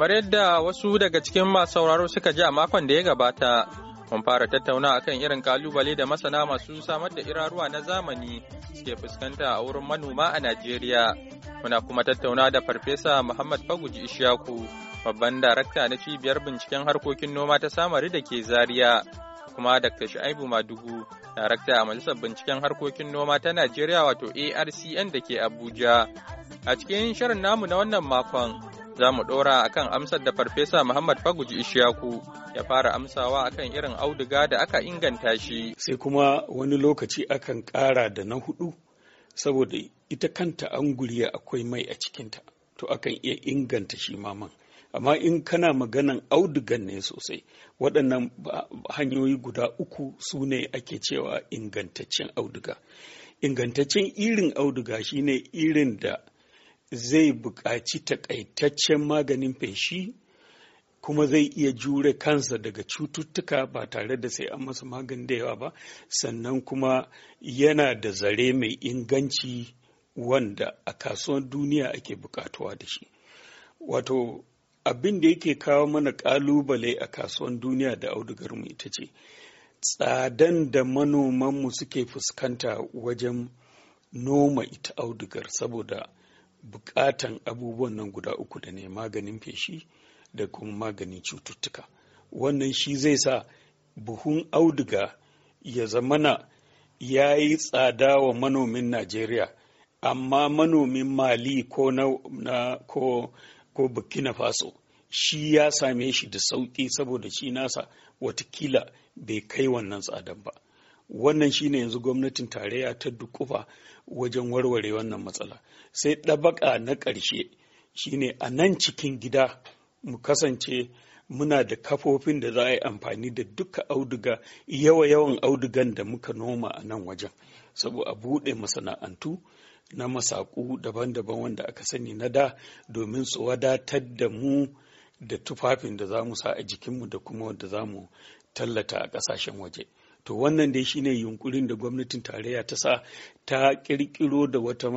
Kamar yadda wasu daga cikin masu sauraro suka ji a makon da ya gabata, mun fara tattauna akan irin kalubale da masana masu samar da iraruwa na zamani suke fuskanta a wurin manoma a Najeriya. Muna kuma tattauna da Farfesa Muhammad Faguji Ishaku, babban darakta na cibiyar binciken harkokin noma ta samari da ke Zaria, kuma Dr. Shu'aibu Madugu, darakta a Majalisar Binciken Harkokin Noma ta Najeriya wato ARCN da ke Abuja. A cikin shirin namu na wannan makon, za mu ɗora kan amsar da farfesa Muhammad Faguji Ishaku ya fara amsawa a kan irin auduga da aka inganta shi. Sai kuma wani lokaci akan ƙara da na hudu saboda ita kanta anguriya akwai mai a cikinta to akan iya inganta shi maman. Amma in kana maganan audugan ne sosai waɗannan hanyoyi guda uku su ne ake cewa ingantaccen auduga. Ingantaccen irin auduga shine irin da zai buƙaci taƙaitaccen maganin feshi kuma zai iya jure kansa daga cututtuka ba tare da sai an masa magani da yawa ba sannan kuma yana da zare mai inganci wanda a kasuwan duniya ake buƙatuwa da shi wato abin da yake kawo mana ƙalubale a kasuwan duniya da audugar mu ita ce tsadan da manomanmu suke fuskanta wajen noma ita audugar saboda bukatan abubuwan nan guda uku da ne maganin feshi da kuma maganin cututtuka wannan shi zai sa buhun auduga ya zamana ya yi tsada wa manomin najeriya amma manomin mali ko na, ko, ko burkina faso shi ya same shi da sauƙi saboda shi nasa watakila bai kai wannan tsadan ba wannan shine yanzu gwamnatin tarayya ta dukufa wajen warware wannan matsala sai ɗabaka na ƙarshe shine a nan cikin gida mu kasance muna da kafofin da za a yi amfani da duka auduga yawa yawan audugan da muka noma a nan wajen saboda a buɗe masana'antu na masaku daban-daban wanda aka sani na da domin su wadatar da mu da tufafin da za mu sa a jikinmu da kuma wanda za mu tallata a ƙasashen waje. to wannan dai shine yunkurin da gwamnatin tarayya ta sa ta kirkiro da wata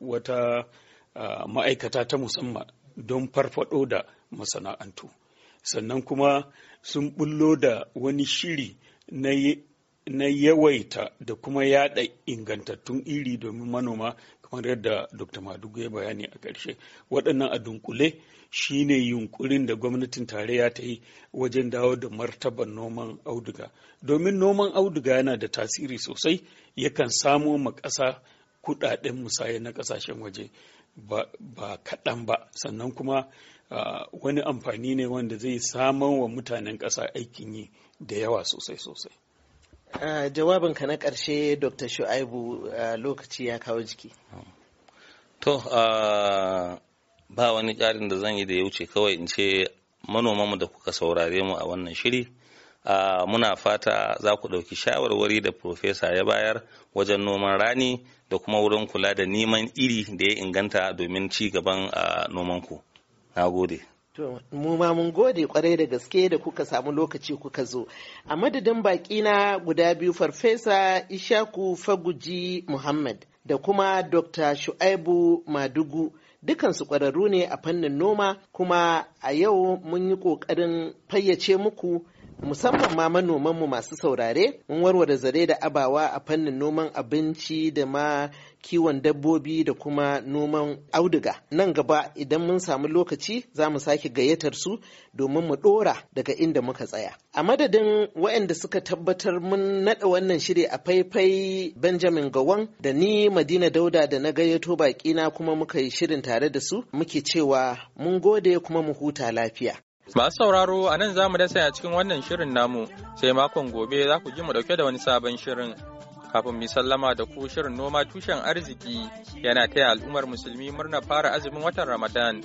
wata ma'aikata ta musamman don farfado da masana'antu sannan kuma sun bullo da wani shiri na yawaita da kuma yada ingantattun iri domin manoma kamar yadda dr madugu ya bayani a ƙarshe waɗannan a dunkule shine yunkurin da gwamnatin tarayya ta yi wajen dawo da martaban noman auduga domin noman auduga yana da tasiri sosai yakan samo ma ƙasa kuɗaɗen musaya na ƙasashen waje ba kaɗan ba sannan kuma wani amfani ne wanda zai samar wa mutanen ƙasa aikin yi da yawa sosai sosai jawabin jawabinka na ƙarshe dr shu'aibu lokaci ya kawo jiki to ba wani ƙarin da zan yi da ya wuce kawai in ce manomanmu da kuka saurare mu a wannan shiri muna fata za ku ɗauki shawarwari da profesa ya bayar wajen noman rani da kuma wurin kula da neman iri da ya inganta domin ci gaban nomanku na gode To, mu ma mun gode kwarai da gaske da kuka samu lokaci kuka zo. A madadin baƙi na guda biyu Farfesa Ishaku Faguji Muhammad da kuma Dr. Shu'aibu Madugu. dukansu ƙwararru ne a fannin noma kuma a yau mun yi ƙoƙarin fayyace muku musamman ma manoman mu masu saurare mun warware zare da abawa a fannin noman abinci da ma kiwon dabbobi da kuma noman auduga nan gaba idan mun samu lokaci za mu sake gayyatar su domin mu dora daga inda muka tsaya a madadin waɗanda suka tabbatar mun naɗa wannan shiri a faifai benjamin Gawon, da ni madina dauda da na gayyato baƙina kuma muka yi shirin tare da su muke cewa mun gode kuma mu huta lafiya Masu sauraro a nan za mu dasa a cikin wannan shirin namu sai makon gobe za ku ji mu dauke da wani sabon shirin. Kafin mu sallama da ku shirin noma tushen arziki yana taya al'ummar musulmi murna fara azumin watan Ramadan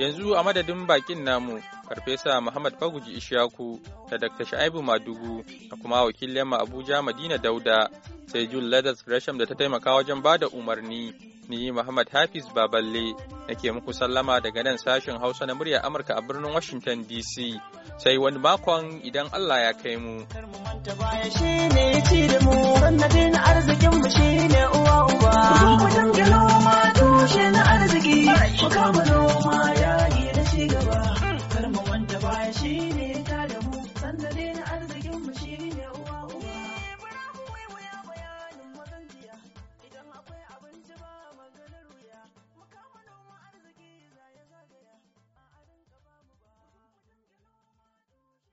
Yanzu a madadin bakin namu, Farfesa Muhammad Faguji Ishaku da Dr. Sha'ibu Madugu da kuma wakilin mu Abuja Madina Dauda, sai Jul Ladas Gresham da ta taimaka wajen ba da umarni. Ni Muhammad Hafiz Baballe nake muku sallama daga nan sashen Hausa na murya Amurka a birnin Washington DC. Sai wani makon idan Allah ya kai mu. arzikin shine uwa uba.